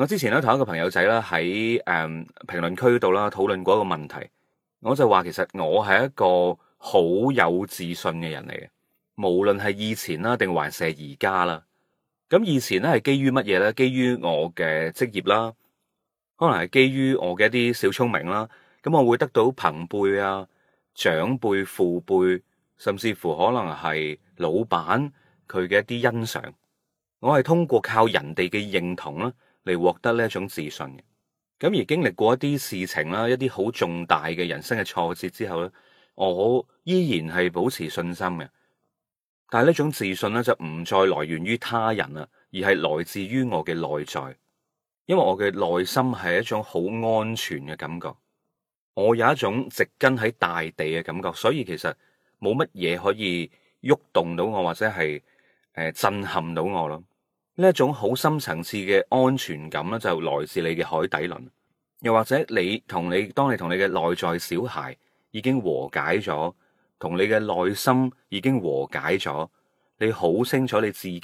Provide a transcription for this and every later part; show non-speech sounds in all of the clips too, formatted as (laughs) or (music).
我之前咧，同一個朋友仔咧喺誒評論區度啦，討論、嗯、過一個問題。我就話，其實我係一個好有自信嘅人嚟嘅，無論係以前啦，定還是而家啦。咁以前咧係基於乜嘢咧？基於我嘅職業啦，可能係基於我嘅一啲小聰明啦。咁我會得到朋輩啊、長輩、父輩，甚至乎可能係老闆佢嘅一啲欣賞。我係通過靠人哋嘅認同啦。嚟獲得呢一種自信嘅。咁而經歷過一啲事情啦，一啲好重大嘅人生嘅挫折之後咧，我依然係保持信心嘅。但係呢種自信咧就唔再來源於他人啦，而係來自於我嘅內在，因為我嘅內心係一種好安全嘅感覺，我有一種植根喺大地嘅感覺，所以其實冇乜嘢可以喐動，動到我或者係誒震撼到我咯。呢一種好深層次嘅安全感咧，就來自你嘅海底輪，又或者你同你當你同你嘅內在小孩已經和解咗，同你嘅內心已經和解咗，你好清楚你自己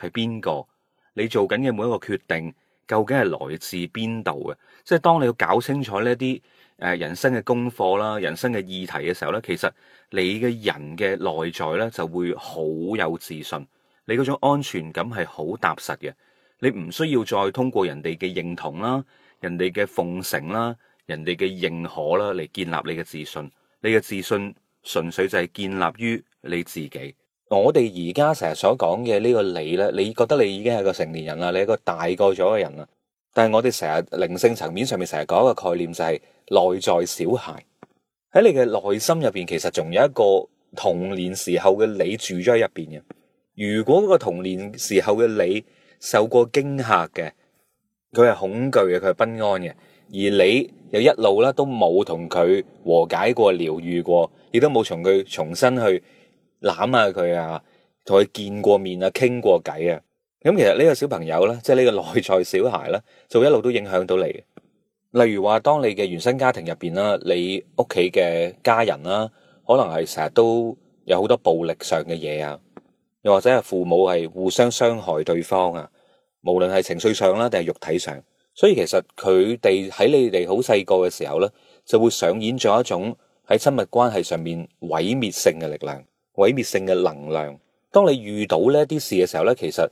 係邊個，你做緊嘅每一個決定究竟係來自邊度嘅，即係當你要搞清楚呢一啲誒人生嘅功課啦、人生嘅議題嘅時候咧，其實你嘅人嘅內在咧就會好有自信。你嗰種安全感係好踏實嘅，你唔需要再通過人哋嘅認同啦、人哋嘅奉承啦、人哋嘅認可啦嚟建立你嘅自信。你嘅自信純粹就係建立於你自己。我哋而家成日所講嘅呢個你呢，你覺得你已經係個成年人啦，你係個大個咗嘅人啦，但係我哋成日靈性層面上面成日講一個概念就係內在小孩。喺你嘅內心入邊，其實仲有一個童年時候嘅你住咗喺入邊嘅。如果個童年時候嘅你受過驚嚇嘅，佢係恐懼嘅，佢係不安嘅。而你又一路啦，都冇同佢和解過、療癒過，亦都冇從佢重新去攬下佢啊，同佢見過面啊，傾過偈啊。咁其實呢個小朋友咧，即係呢個內在小孩咧，就會一路都影響到你。例如話，當你嘅原生家庭入邊啦，你屋企嘅家人啦，可能係成日都有好多暴力上嘅嘢啊。又或者係父母係互相傷害對方啊，無論係情緒上啦，定係肉體上，所以其實佢哋喺你哋好細個嘅時候呢，就會上演咗一種喺親密關係上面毀滅性嘅力量、毀滅性嘅能量。當你遇到呢啲事嘅時候呢，其實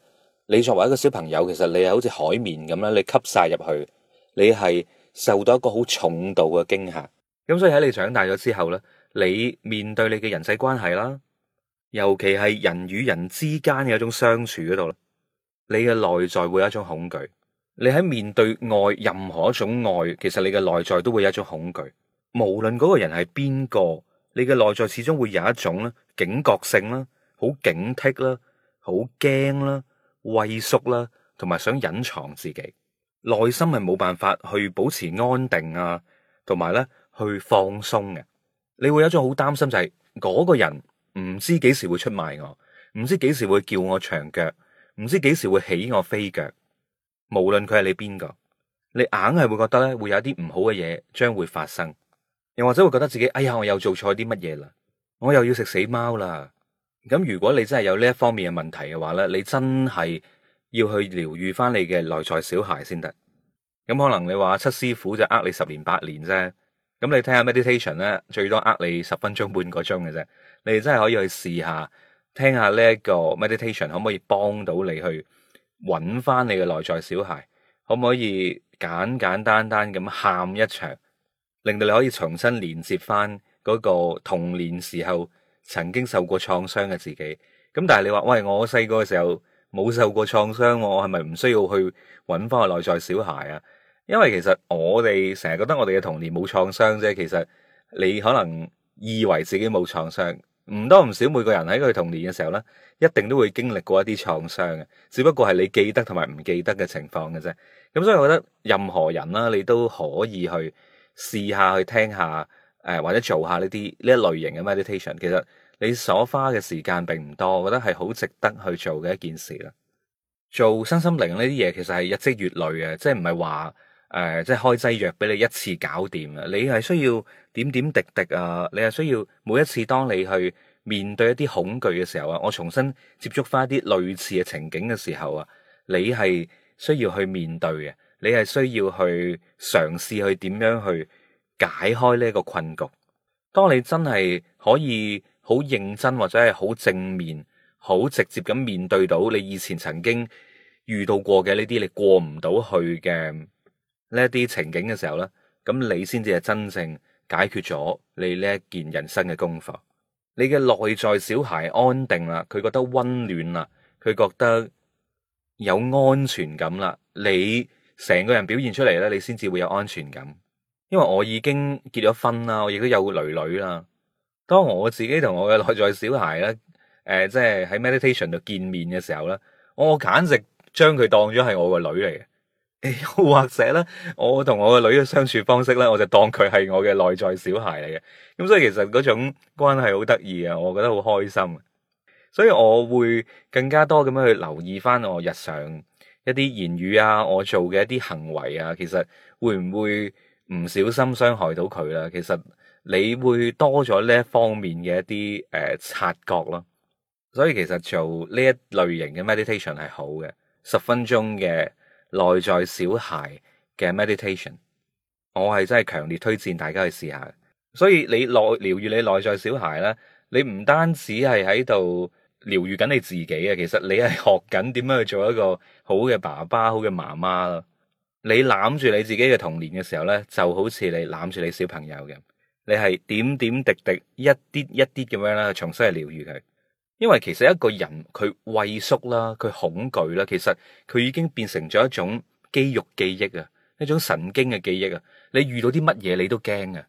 你作為一個小朋友，其實你係好似海綿噉樣，你吸晒入去，你係受到一個好重度嘅驚嚇。咁所以喺你長大咗之後呢，你面對你嘅人際關係啦。尤其係人與人之間嘅一種相處嗰度啦，你嘅內在會有一種恐懼。你喺面對愛，任何一種愛，其實你嘅內在都會有一種恐懼。無論嗰個人係邊個，你嘅內在始終會有一種咧警覺性啦，好警惕啦，好驚啦，畏縮啦，同埋想隱藏自己，內心係冇辦法去保持安定啊，同埋咧去放鬆嘅。你會有一種好擔心，就係嗰個人。唔知幾時會出賣我，唔知幾時會叫我長腳，唔知幾時會起我飛腳。無論佢係你邊個，你硬係會覺得咧，會有一啲唔好嘅嘢，將會發生，又或者會覺得自己哎呀，我又做錯啲乜嘢啦，我又要食死貓啦。咁如果你真係有呢一方面嘅問題嘅話咧，你真係要去療癒翻你嘅內在小孩先得。咁可能你話七師傅就呃你十年八年啫，咁你睇下 meditation 咧，最多呃你十分鐘半個鐘嘅啫。你哋真係可以去試下，聽下呢一個 meditation 可唔可以幫到你去揾翻你嘅內在小孩？可唔可以簡簡單單咁喊一場，令到你可以重新連接翻嗰個童年時候曾經受過創傷嘅自己？咁但係你話喂，我細個嘅時候冇受過創傷，我係咪唔需要去揾翻個內在小孩啊？因為其實我哋成日覺得我哋嘅童年冇創傷啫，其實你可能以為自己冇創傷。唔多唔少，每個人喺佢童年嘅時候呢，一定都會經歷過一啲創傷嘅，只不過係你記得同埋唔記得嘅情況嘅啫。咁所以我覺得任何人啦、啊，你都可以去試下去聽下，誒、呃、或者做下呢啲呢一類型嘅 meditation。其實你所花嘅時間並唔多，我覺得係好值得去做嘅一件事啦。做身心靈呢啲嘢其實係日積月累嘅，即係唔係話。誒、嗯，即係開劑藥俾你一次搞掂啊！你係需要點點滴滴啊，你係需要每一次當你去面對一啲恐懼嘅時候啊，我重新接觸翻一啲類似嘅情景嘅時候啊，你係需要去面對嘅，你係需要去嘗試去點樣去解開呢個困局。當你真係可以好認真或者係好正面、好直接咁面對到你以前曾經遇到過嘅呢啲你過唔到去嘅。呢一啲情景嘅時候呢，咁你先至係真正解決咗你呢一件人生嘅功課。你嘅內在小孩安定啦，佢覺得溫暖啦，佢覺得有安全感啦。你成個人表現出嚟呢，你先至會有安全感。因為我已經結咗婚啦，我亦都有囡囡啦。當我自己同我嘅內在小孩呢，誒、呃，即係喺 meditation 度見面嘅時候呢，我簡直將佢當咗係我個囡嚟嘅。又 (laughs) 或者咧，我同我個女嘅相處方式咧，我就當佢係我嘅內在小孩嚟嘅，咁所以其實嗰種關係好得意啊，我覺得好開心，所以我會更加多咁樣去留意翻我日常一啲言語啊，我做嘅一啲行為啊，其實會唔會唔小心傷害到佢啦？其實你會多咗呢一方面嘅一啲誒、呃、察覺咯，所以其實做呢一類型嘅 meditation 係好嘅，十分鐘嘅。內在小孩嘅 meditation，我係真係強烈推薦大家去試下。所以你內療癒你內在小孩呢，你唔單止係喺度療癒緊你自己啊，其實你係學緊點樣去做一個好嘅爸爸、好嘅媽媽咯。你攬住你自己嘅童年嘅時候呢，就好似你攬住你小朋友咁，你係點點滴滴一啲一啲咁樣啦，重新去療癒佢。因為其實一個人佢畏縮啦，佢恐懼啦，其實佢已經變成咗一種肌肉記憶啊，一種神經嘅記憶啊。你遇到啲乜嘢你都驚啊，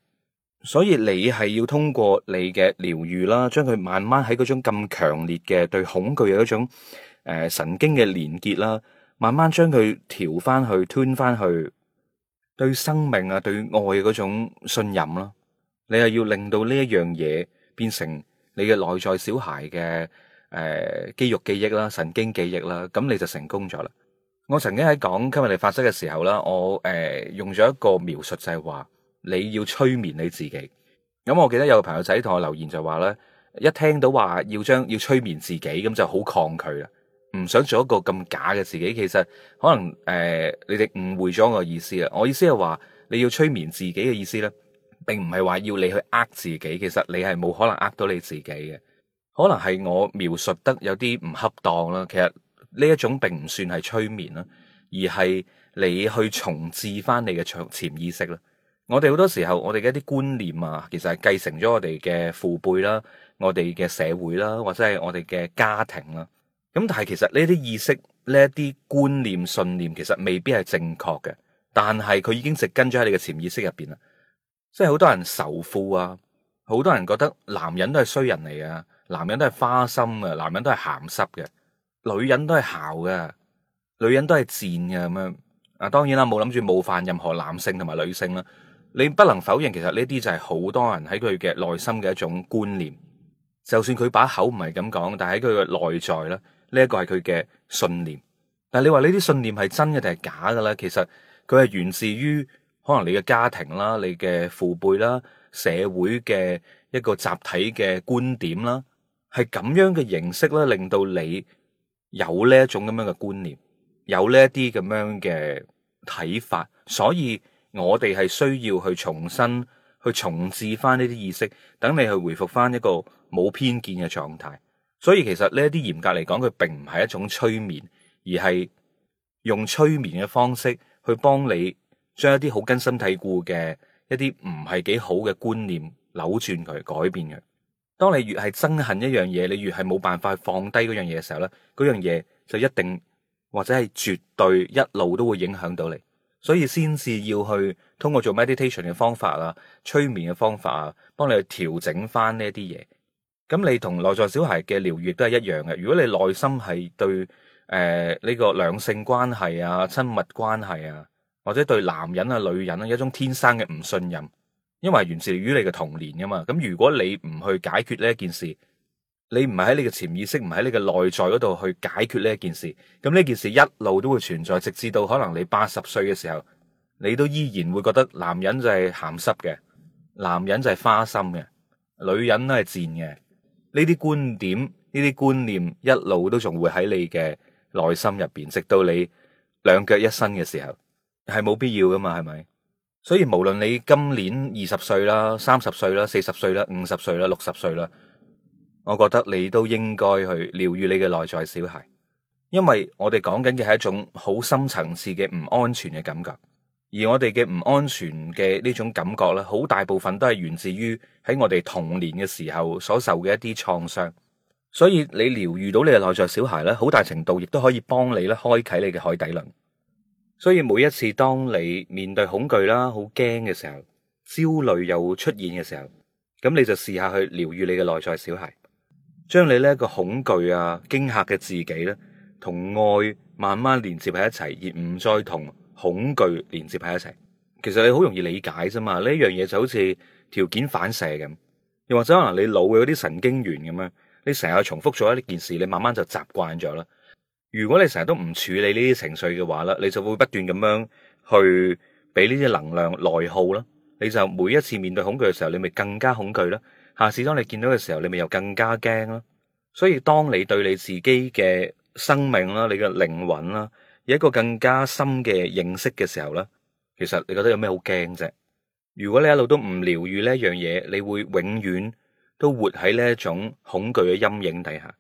所以你係要通過你嘅療愈啦，將佢慢慢喺嗰種咁強烈嘅對恐懼嘅一種誒、呃、神經嘅連結啦，慢慢將佢調翻去，吞翻去，對生命啊，對愛嗰種信任啦，你係要令到呢一樣嘢變成。你嘅內在小孩嘅誒、呃、肌肉記憶啦、神經記憶啦，咁你就成功咗啦。我曾經喺講今日你發生嘅時候啦，我誒、呃、用咗一個描述就係話你要催眠你自己。咁我記得有個朋友仔同我留言就話咧，一聽到話要將要催眠自己，咁就好抗拒啦，唔想做一個咁假嘅自己。其實可能誒、呃、你哋誤會咗我意思啊。我意思係話你要催眠自己嘅意思咧。並唔係話要你去呃自己，其實你係冇可能呃到你自己嘅。可能係我描述得有啲唔恰當啦。其實呢一種並唔算係催眠啦，而係你去重置翻你嘅潛意識啦。我哋好多時候，我哋嘅啲觀念啊，其實係繼承咗我哋嘅父輩啦，我哋嘅社會啦，或者係我哋嘅家庭啦。咁但係其實呢啲意識、呢一啲觀念、信念，其實未必係正確嘅，但係佢已經植根咗喺你嘅潛意識入邊啦。即係好多人仇富啊，好多人覺得男人都係衰人嚟啊，男人都係花心嘅，男人都係鹹濕嘅，女人都係姣嘅，女人都係賤嘅咁樣。啊，當然啦，冇諗住冒犯任何男性同埋女性啦。你不能否認，其實呢啲就係好多人喺佢嘅內心嘅一種觀念。就算佢把口唔係咁講，但係喺佢嘅內在咧，呢一個係佢嘅信念。但係你話呢啲信念係真嘅定係假嘅咧？其實佢係源自於。可能你嘅家庭啦、你嘅父輩啦、社會嘅一個集體嘅觀點啦，係咁樣嘅形式咧，令到你有呢一種咁樣嘅觀念，有呢一啲咁樣嘅睇法，所以我哋係需要去重新去重置翻呢啲意識，等你去回復翻一個冇偏見嘅狀態。所以其實呢一啲嚴格嚟講，佢並唔係一種催眠，而係用催眠嘅方式去幫你，將一啲好根深蒂固嘅一啲唔係幾好嘅觀念扭轉佢，改變佢。當你越係憎恨一樣嘢，你越係冇辦法放低嗰樣嘢嘅時候咧，嗰樣嘢就一定或者係絕對一路都會影響到你。所以先至要去通過做 meditation 嘅方法啊、催眠嘅方法啊，幫你去調整翻呢一啲嘢。咁你同內在小孩嘅療愈都係一樣嘅。如果你內心係對誒呢、呃呢個兩性關係啊、親密關係啊，或者對男人啊、女人咧、啊，一種天生嘅唔信任，因為源自於你嘅童年噶嘛。咁如果你唔去解決呢一件事，你唔係喺你嘅潛意識，唔係喺你嘅內在嗰度去解決呢一件事，咁呢件事一路都會存在，直至到可能你八十歲嘅時候，你都依然會覺得男人就係鹹濕嘅，男人就係花心嘅，女人都係賤嘅。呢啲觀點呢啲觀念一路都仲會喺你嘅內心入邊，直到你兩腳一伸嘅時候。係冇必要㗎嘛，係咪？所以無論你今年二十歲啦、三十歲啦、四十歲啦、五十歲啦、六十歲啦，我覺得你都應該去療癒你嘅內在小孩，因為我哋講緊嘅係一種好深層次嘅唔安全嘅感覺，而我哋嘅唔安全嘅呢種感覺咧，好大部分都係源自於喺我哋童年嘅時候所受嘅一啲創傷，所以你療癒到你嘅內在小孩咧，好大程度亦都可以幫你咧開啟你嘅海底輪。所以每一次，當你面對恐懼啦、好驚嘅時候、焦慮又出現嘅時候，咁你就試下去療癒你嘅內在小孩，將你呢一個恐懼啊、驚嚇嘅自己咧，同愛慢慢連接喺一齊，而唔再同恐懼連接喺一齊。其實你好容易理解啫嘛，呢一樣嘢就好似條件反射咁，又或者可能你腦嘅啲神經元咁樣，你成日重複做一件事，你慢慢就習慣咗啦。如果你成日都唔處理呢啲情緒嘅話啦，你就會不斷咁樣去俾呢啲能量內耗啦。你就每一次面對恐懼嘅時候，你咪更加恐懼囉。下次當你見到嘅時候，你咪又更加驚囉。所以當你對你自己嘅生命啦、你嘅靈魂啦，有一個更加深嘅認識嘅時候啦，其實你覺得有咩好驚啫？如果你一路都唔療癒呢一樣嘢，你會永遠都活喺呢一種恐懼嘅陰影底下。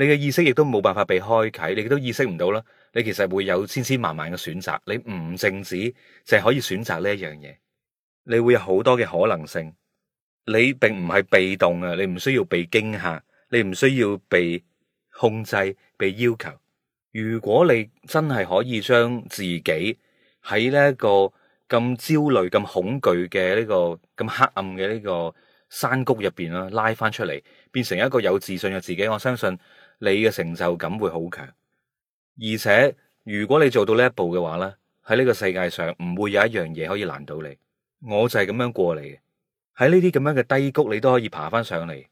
你嘅意識亦都冇辦法被開啟，你亦都意識唔到啦。你其實會有千千萬萬嘅選擇，你唔淨止淨係可以選擇呢一樣嘢。你會有好多嘅可能性，你並唔係被動啊，你唔需要被驚嚇，你唔需要被控制、被要求。如果你真係可以將自己喺呢一個咁焦慮、咁恐懼嘅呢個咁黑暗嘅呢個山谷入邊啦，拉翻出嚟，變成一個有自信嘅自己，我相信。你嘅成就感會好強，而且如果你做到呢一步嘅話呢，喺呢個世界上唔會有一樣嘢，可以難到你。我就係咁樣過嚟嘅，喺呢啲咁樣嘅低谷你都可以爬翻上嚟。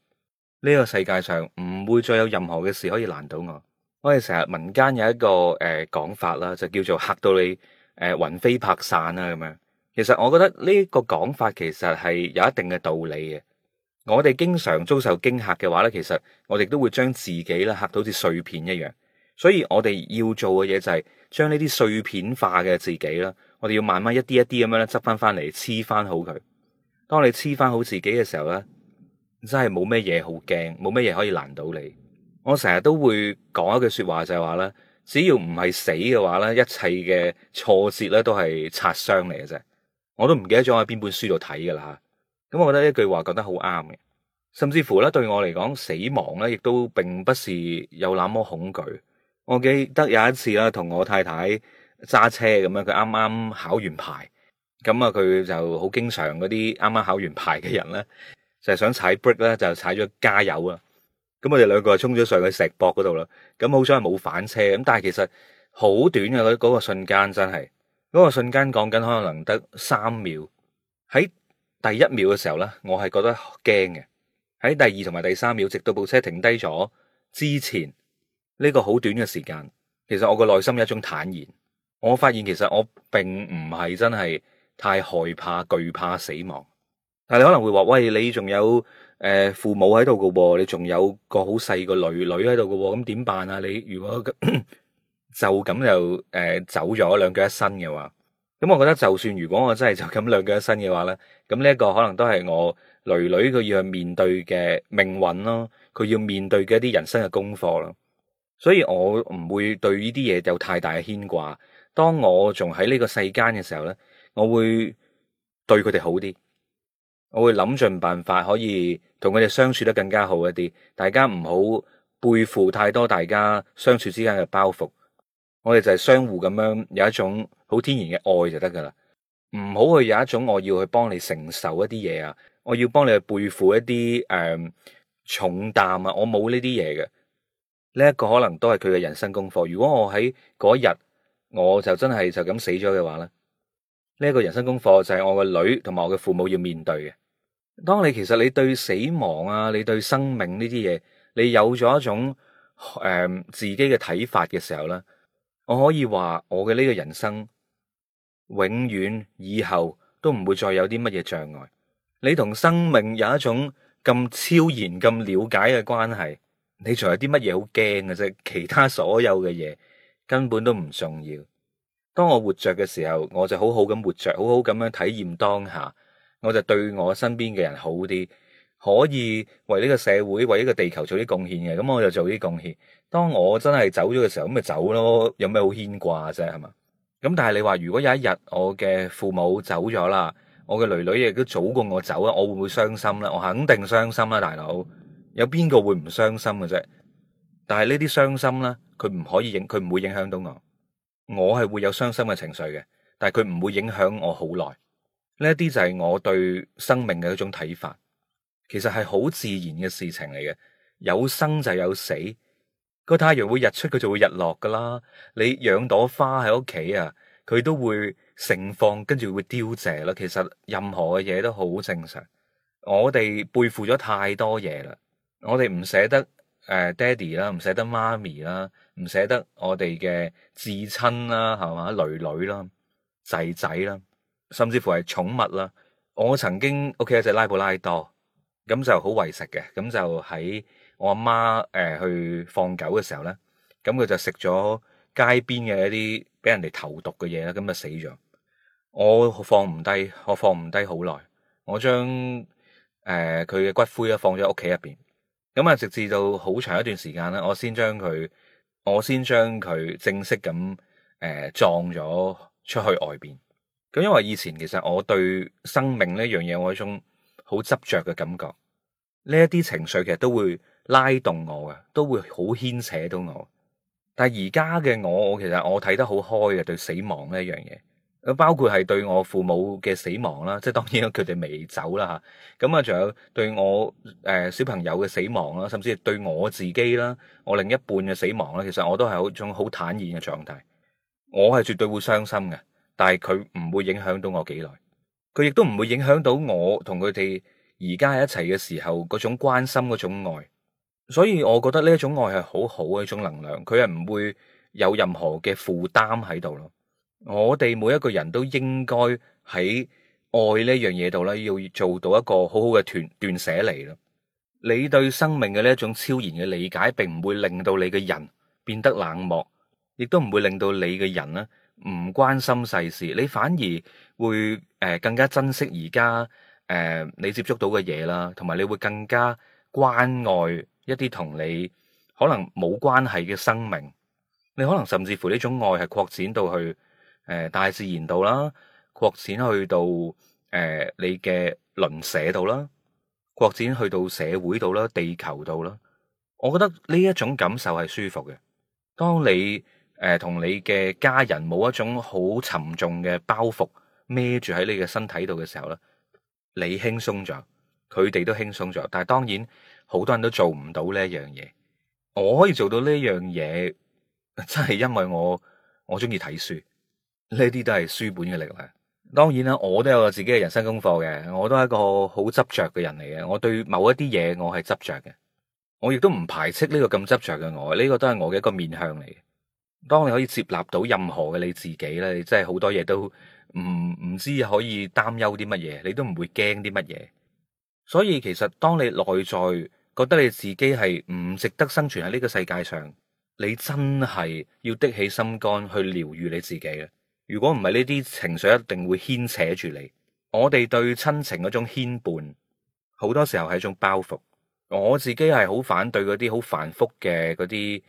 呢個世界上唔會再有任何嘅事可以難到我。我哋成日民間有一個誒、呃、講法啦，就叫做吓到你誒、呃、魂飛魄散啦咁樣。其實我覺得呢個講法其實係有一定嘅道理嘅。我哋經常遭受驚嚇嘅話咧，其實我哋都會將自己咧嚇到好似碎片一樣，所以我哋要做嘅嘢就係將呢啲碎片化嘅自己啦，我哋要慢慢一啲一啲咁樣咧，執翻翻嚟黐翻好佢。當你黐翻好自己嘅時候咧，真係冇咩嘢好驚，冇咩嘢可以難到你。我成日都會講一句說話就係話咧，只要唔係死嘅話咧，一切嘅挫折咧都係擦傷嚟嘅啫。我都唔記得咗我喺邊本書度睇噶啦。咁我講得呢句話，覺得好啱嘅，甚至乎呢，對我嚟講，死亡呢亦都並不是有那麼恐懼。我記得有一次啦，同我太太揸車咁樣，佢啱啱考完牌，咁啊佢就好經常，嗰啲啱啱考完牌嘅人呢，就係想踩 brake 咧，就踩咗加油啊！咁我哋兩個就衝咗上去石博嗰度啦。咁好彩係冇反車，咁但係其實好短嘅嗰嗰個瞬間真係，嗰個瞬間講緊可能得三秒喺。第一秒嘅時候呢，我係覺得驚嘅。喺第二同埋第三秒，直到部車停低咗之前，呢個好短嘅時間，其實我個內心有一種坦然。我發現其實我並唔係真係太害怕、懼怕死亡。但係你可能會話：喂，你仲有誒、呃、父母喺度噶噃，你仲有個好細個女女喺度噶，咁點辦啊？你如果就咁就誒、呃、走咗兩腳一伸嘅話？咁我覺得就算如果我真係就咁兩腳一伸嘅話呢，咁呢一個可能都係我囡囡佢要去面對嘅命運咯，佢要面對嘅一啲人生嘅功課咯，所以我唔會對呢啲嘢有太大嘅牽掛。當我仲喺呢個世間嘅時候呢，我會對佢哋好啲，我會諗盡辦法可以同佢哋相處得更加好一啲。大家唔好背負太多，大家相處之間嘅包袱。我哋就係相互咁樣有一種好天然嘅愛就得噶啦，唔好去有一種我要去幫你承受一啲嘢啊，我要幫你去背負一啲誒、嗯、重擔啊，我冇呢啲嘢嘅，呢、這、一個可能都係佢嘅人生功課。如果我喺嗰日我就真係就咁死咗嘅話咧，呢、這、一個人生功課就係我嘅女同埋我嘅父母要面對嘅。當你其實你對死亡啊，你對生命呢啲嘢，你有咗一種誒、嗯、自己嘅睇法嘅時候咧。我可以話我嘅呢個人生，永遠以後都唔會再有啲乜嘢障礙。你同生命有一種咁超然、咁了解嘅關係，你仲有啲乜嘢好驚嘅啫？其他所有嘅嘢根本都唔重要。當我活着嘅時候，我就好好咁活着，好好咁樣體驗當下，我就對我身邊嘅人好啲。可以為呢個社會、為呢個地球做啲貢獻嘅，咁我就做啲貢獻。當我真係走咗嘅時候，咁咪走咯，有咩好牽掛啫？係嘛？咁但係你話，如果有一日我嘅父母走咗啦，我嘅女女亦都早過我走啊，我會唔會傷心呢？我肯定傷心啦，啊，大佬，有邊個會唔傷心嘅啫？但係呢啲傷心呢，佢唔可以影，佢唔會影響到我。我係會有傷心嘅情緒嘅，但係佢唔會影響我好耐。呢一啲就係我對生命嘅一種睇法。其實係好自然嘅事情嚟嘅，有生就有死，個太陽會日出，佢就會日落噶啦。你養朵花喺屋企啊，佢都會盛放，跟住會凋謝啦。其實任何嘅嘢都好正常。我哋背負咗太多嘢啦，我哋唔捨得誒，爹哋啦，唔捨得媽咪啦，唔捨得我哋嘅至親啦，係嘛？女女啦，仔仔啦，甚至乎係寵物啦。我曾經屋企有一隻拉布拉多。咁就好為食嘅，咁就喺我阿媽誒去放狗嘅時候咧，咁佢就食咗街邊嘅一啲俾人哋投毒嘅嘢啦，咁就死咗。我放唔低，我放唔低好耐。我將誒佢嘅骨灰咧放咗屋企入邊，咁啊直至到好長一段時間啦，我先將佢，我先將佢正式咁誒葬咗出去外邊。咁因為以前其實我對生命呢一樣嘢，我一種，好執着嘅感覺，呢一啲情緒其實都會拉動我嘅，都會好牽扯到我，我。但係而家嘅我，我其實我睇得好開嘅，對死亡呢一樣嘢，包括係對我父母嘅死亡啦，即係當然佢哋未走啦吓。咁啊，仲有對我誒、呃、小朋友嘅死亡啦，甚至係對我自己啦，我另一半嘅死亡啦，其實我都係一種好坦然嘅狀態。我係絕對會傷心嘅，但係佢唔會影響到我幾耐。佢亦都唔會影響到我同佢哋而家喺一齊嘅時候嗰種關心、嗰種愛，所以我覺得呢一種愛係好好嘅一種能量，佢係唔會有任何嘅負擔喺度咯。我哋每一個人都應該喺愛呢樣嘢度咧，要做到一個好好嘅斷斷捨離啦。你對生命嘅呢一種超然嘅理解，並唔會令到你嘅人變得冷漠，亦都唔會令到你嘅人呢唔關心世事，你反而會誒、呃、更加珍惜而家誒你接觸到嘅嘢啦，同埋你會更加關愛一啲同你可能冇關係嘅生命，你可能甚至乎呢種愛係擴展到去誒、呃、大自然度啦，擴展去到誒、呃、你嘅鄰舍度啦，擴展去到社會度啦，地球度啦，我覺得呢一種感受係舒服嘅，當你。誒，同你嘅家人冇一種好沉重嘅包袱孭住喺你嘅身體度嘅時候咧，你輕鬆咗，佢哋都輕鬆咗。但係當然好多人都做唔到呢一樣嘢。我可以做到呢樣嘢，真係因為我我中意睇書，呢啲都係書本嘅力量。當然啦，我都有自己嘅人生功課嘅，我都係一個好執着嘅人嚟嘅。我對某一啲嘢，我係執着嘅。我亦都唔排斥呢個咁執着嘅我，呢個都係我嘅一個面向嚟。當你可以接納到任何嘅你自己咧，你真係好多嘢都唔唔知可以擔憂啲乜嘢，你都唔會驚啲乜嘢。所以其實當你內在覺得你自己係唔值得生存喺呢個世界上，你真係要的起心肝去療癒你自己啦。如果唔係，呢啲情緒一定會牽扯住你。我哋對親情嗰種牽絆，好多時候係一種包袱。我自己係好反對嗰啲好繁複嘅嗰啲。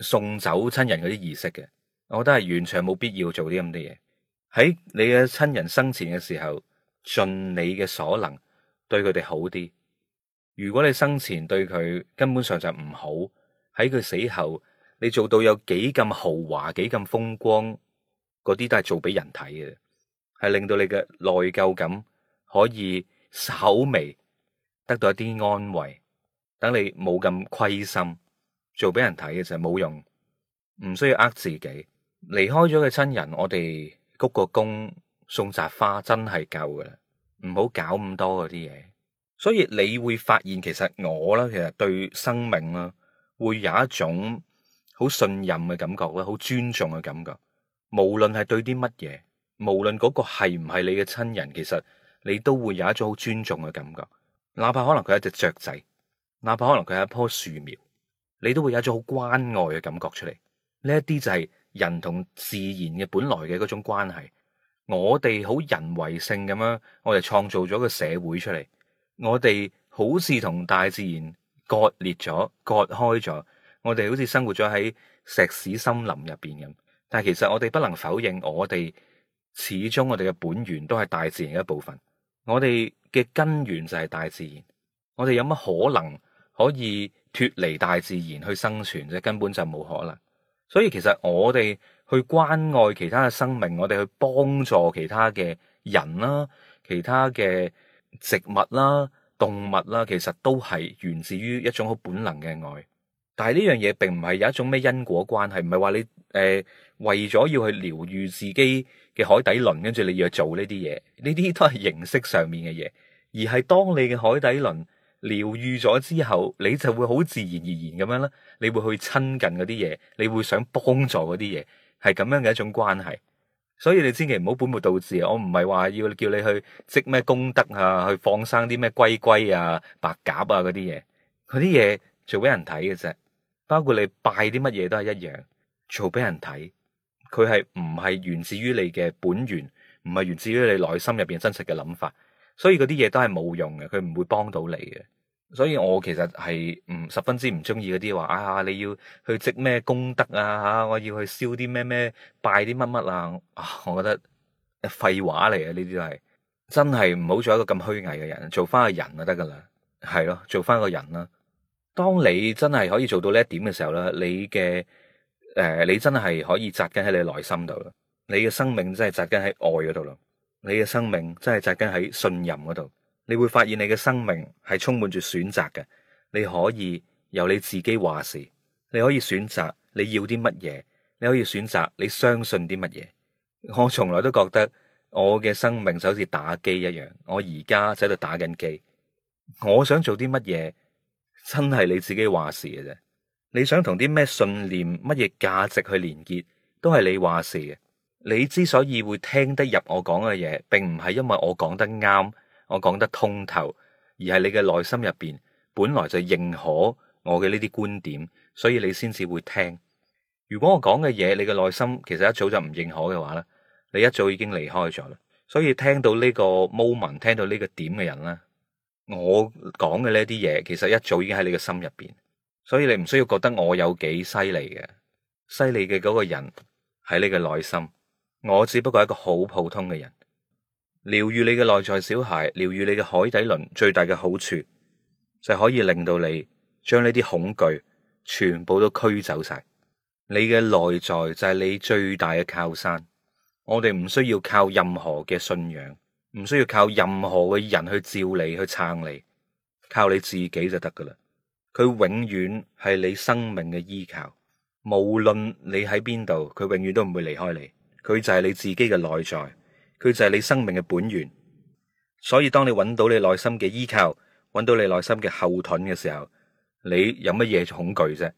送走親人嗰啲儀式嘅，我覺得係完全冇必要做啲咁嘅嘢。喺你嘅親人生前嘅時候，盡你嘅所能對佢哋好啲。如果你生前對佢根本上就唔好，喺佢死後你做到有幾咁豪華、幾咁風光，嗰啲都係做俾人睇嘅，係令到你嘅內疚感可以稍微得到一啲安慰，等你冇咁虧心。做俾人睇嘅就係冇用，唔需要呃自己離開咗嘅親人。我哋鞠個躬送扎花真係夠嘅啦，唔好搞咁多嗰啲嘢。所以你會發現，其實我啦，其實對生命啦，會有一種好信任嘅感覺啦，好尊重嘅感覺。無論係對啲乜嘢，無論嗰個係唔係你嘅親人，其實你都會有一種好尊重嘅感覺。哪怕可能佢係隻雀仔，哪怕可能佢係一棵樹苗。你都會有一種好關愛嘅感覺出嚟，呢一啲就係人同自然嘅本來嘅嗰種關係。我哋好人為性咁樣，我哋創造咗個社會出嚟，我哋好似同大自然割裂咗、割開咗，我哋好似生活咗喺石屎森林入邊咁。但係其實我哋不能否認我，我哋始終我哋嘅本源都係大自然嘅一部分，我哋嘅根源就係大自然。我哋有乜可能可以？脫離大自然去生存啫，根本就冇可能。所以其實我哋去關愛其他嘅生命，我哋去幫助其他嘅人啦、其他嘅植物啦、動物啦，其實都係源自於一種好本能嘅愛。但係呢樣嘢並唔係有一種咩因果關係，唔係話你誒、呃、為咗要去療愈自己嘅海底輪，跟住你要去做呢啲嘢，呢啲都係形式上面嘅嘢，而係當你嘅海底輪。療愈咗之後，你就會好自然而然咁樣啦。你會去親近嗰啲嘢，你會想幫助嗰啲嘢，係咁樣嘅一種關係。所以你千祈唔好本末倒置。我唔係話要叫你去積咩功德啊，去放生啲咩龜龜啊、白鴿啊嗰啲嘢，嗰啲嘢做俾人睇嘅啫。包括你拜啲乜嘢都係一樣，做俾人睇。佢係唔係源自於你嘅本源，唔係源自於你內心入邊真實嘅諗法。所以嗰啲嘢都係冇用嘅，佢唔會幫到你嘅。所以我其實係唔十分之唔中意嗰啲話啊，你要去積咩功德啊，吓我要去燒啲咩咩拜啲乜乜啊，我覺得廢話嚟嘅。呢啲都係真係唔好做一個咁虛偽嘅人，做翻個人就得噶啦。係咯，做翻個人啦。當你真係可以做到呢一點嘅時候咧，你嘅誒、呃，你真係可以紮根喺你內心度啦，你嘅生命真係紮根喺愛嗰度咯。你嘅生命真係扎根喺信任嗰度，你會發現你嘅生命係充滿住選擇嘅。你可以由你自己話事，你可以選擇你要啲乜嘢，你可以選擇你相信啲乜嘢。我從來都覺得我嘅生命就好似打機一樣，我而家喺度打緊機，我想做啲乜嘢，真係你自己話事嘅啫。你想同啲咩信念、乜嘢價值去連結，都係你話事嘅。你之所以會聽得入我講嘅嘢，並唔係因為我講得啱，我講得通透，而係你嘅內心入邊本來就認可我嘅呢啲觀點，所以你先至會聽。如果我講嘅嘢，你嘅內心其實一早就唔認可嘅話咧，你一早已經離開咗啦。所以聽到呢個 moment，聽到呢個點嘅人咧，我講嘅呢啲嘢，其實一早已經喺你嘅心入邊，所以你唔需要覺得我有幾犀利嘅，犀利嘅嗰個人喺你嘅內心。我只不過一個好普通嘅人，療癒你嘅內在小孩，療癒你嘅海底輪，最大嘅好處就可以令到你將呢啲恐懼全部都驅走晒。你嘅內在就係你最大嘅靠山。我哋唔需要靠任何嘅信仰，唔需要靠任何嘅人去照你去撐你，靠你自己就得㗎喇。佢永遠係你生命嘅依靠，無論你喺邊度，佢永遠都唔會離開你。佢就係你自己嘅內在，佢就係你生命嘅本源。所以當你揾到你內心嘅依靠，揾到你內心嘅後盾嘅時候，你有乜嘢恐懼啫？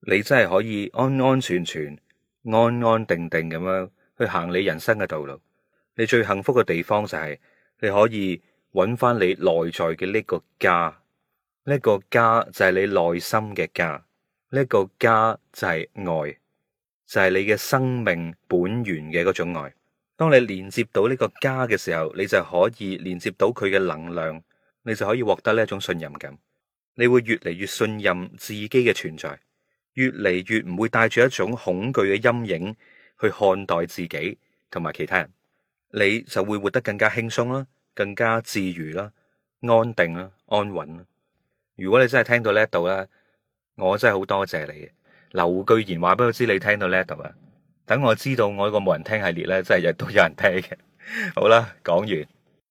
你真係可以安安全全、安安定定咁樣去行你人生嘅道路。你最幸福嘅地方就係你可以揾翻你內在嘅呢個家，呢個家就係你內心嘅家，呢個家就係愛。就係你嘅生命本源嘅嗰種愛，當你連接到呢個家嘅時候，你就可以連接到佢嘅能量，你就可以獲得呢一種信任感，你會越嚟越信任自己嘅存在，越嚟越唔會帶住一種恐懼嘅陰影去看待自己同埋其他人，你就會活得更加輕鬆啦，更加自如啦，安定啦，安穩啦。如果你真係聽到呢一度咧，我真係好多謝你。留句言，話畀我知你聽到叻咁啊！等我知道，我呢個無人聽系列咧，真係日都有人聽嘅。 (laughs) 好啦，講完。